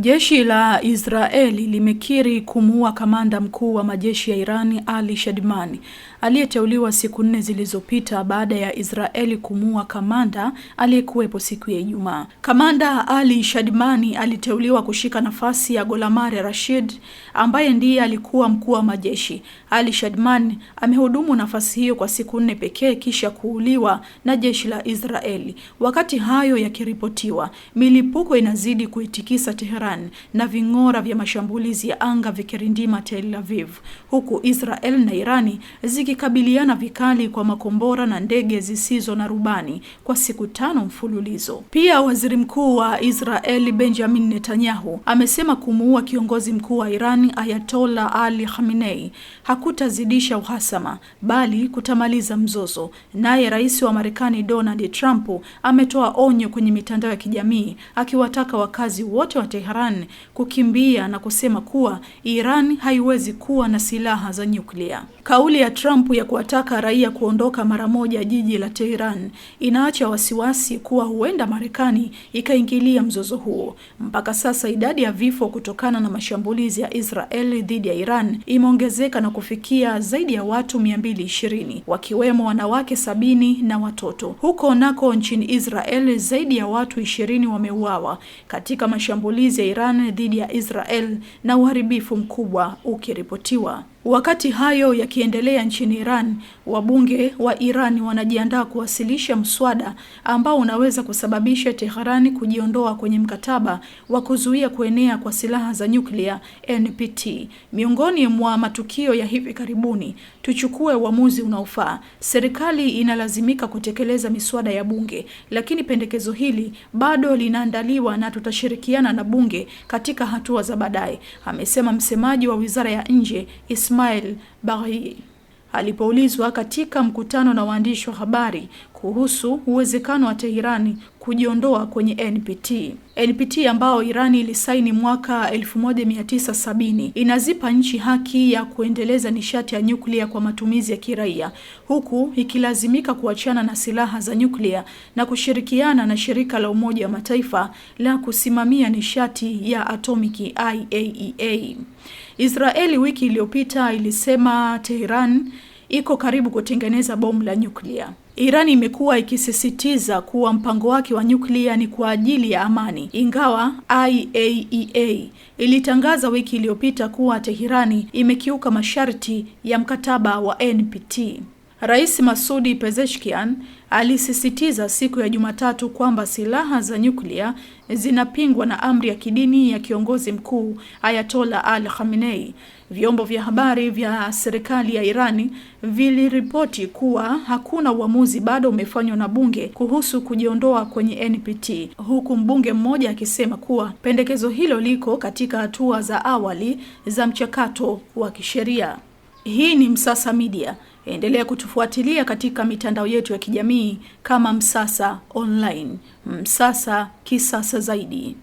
Jeshi la Israeli limekiri kumuua kamanda mkuu wa majeshi ya Irani Ali Shadmani aliyeteuliwa siku nne zilizopita baada ya Israeli kumua kamanda aliyekuwepo siku ya Ijumaa. Kamanda Ali Shadmani aliteuliwa kushika nafasi ya Golamare Rashid ambaye ndiye alikuwa mkuu wa majeshi. Ali Shadmani amehudumu nafasi hiyo kwa siku nne pekee kisha kuuliwa na jeshi la Israeli. Wakati hayo yakiripotiwa, milipuko inazidi kuitikisa Teheran na ving'ora vya mashambulizi ya anga vikirindima Tel Aviv, huku Israel na Irani ziki zikikabiliana vikali kwa makombora na ndege zisizo na rubani kwa siku tano mfululizo. Pia waziri mkuu wa Israeli Benjamin Netanyahu amesema kumuua kiongozi mkuu wa Iran Ayatollah Ali Khamenei hakutazidisha uhasama bali kutamaliza mzozo. Naye rais wa Marekani Donald Trump ametoa onyo kwenye mitandao ya kijamii akiwataka wakazi wote wa Tehran kukimbia na kusema kuwa Iran haiwezi kuwa na silaha za nyuklia. Kauli ya Trump Trump ya kuwataka raia kuondoka mara moja jiji la Tehran inaacha wasiwasi kuwa huenda Marekani ikaingilia mzozo huo. Mpaka sasa idadi ya vifo kutokana na mashambulizi ya Israel dhidi ya Iran imeongezeka na kufikia zaidi ya watu 220 wakiwemo wanawake sabini na watoto. Huko nako nchini Israel zaidi ya watu ishirini wameuawa katika mashambulizi ya Iran dhidi ya Israel na uharibifu mkubwa ukiripotiwa. Wakati hayo yakiendelea nchini Iran, wabunge wa Iran wanajiandaa kuwasilisha mswada ambao unaweza kusababisha teheran kujiondoa kwenye mkataba wa kuzuia kuenea kwa silaha za nyuklia NPT. Miongoni mwa matukio ya hivi karibuni, tuchukue uamuzi unaofaa. Serikali inalazimika kutekeleza miswada ya bunge, lakini pendekezo hili bado linaandaliwa na tutashirikiana na bunge katika hatua za baadaye, amesema msemaji wa Wizara ya Nje Is Ismail Baghaei alipoulizwa katika mkutano na waandishi wa habari kuhusu uwezekano wa Teherani kujiondoa kwenye NPT. NPT ambayo Irani ilisaini mwaka 1970 inazipa nchi haki ya kuendeleza nishati ya nyuklia kwa matumizi ya kiraia, huku ikilazimika kuachana na silaha za nyuklia na kushirikiana na shirika la Umoja wa Mataifa la kusimamia nishati ya atomiki IAEA. E Israeli wiki iliyopita ilisema Teheran iko karibu kutengeneza bomu la nyuklia. Iran imekuwa ikisisitiza kuwa mpango wake wa nyuklia ni kwa ajili ya amani, ingawa IAEA e ilitangaza wiki iliyopita kuwa Teherani imekiuka masharti ya mkataba wa NPT. Rais Masudi Pezeshkian alisisitiza siku ya Jumatatu kwamba silaha za nyuklia zinapingwa na amri ya kidini ya kiongozi mkuu Ayatola Al Khamenei. Vyombo vya habari vya serikali ya Irani viliripoti kuwa hakuna uamuzi bado umefanywa na bunge kuhusu kujiondoa kwenye NPT, huku mbunge mmoja akisema kuwa pendekezo hilo liko katika hatua za awali za mchakato wa kisheria. Hii ni Msasa Media. Endelea kutufuatilia katika mitandao yetu ya kijamii kama Msasa Online. Msasa kisasa zaidi.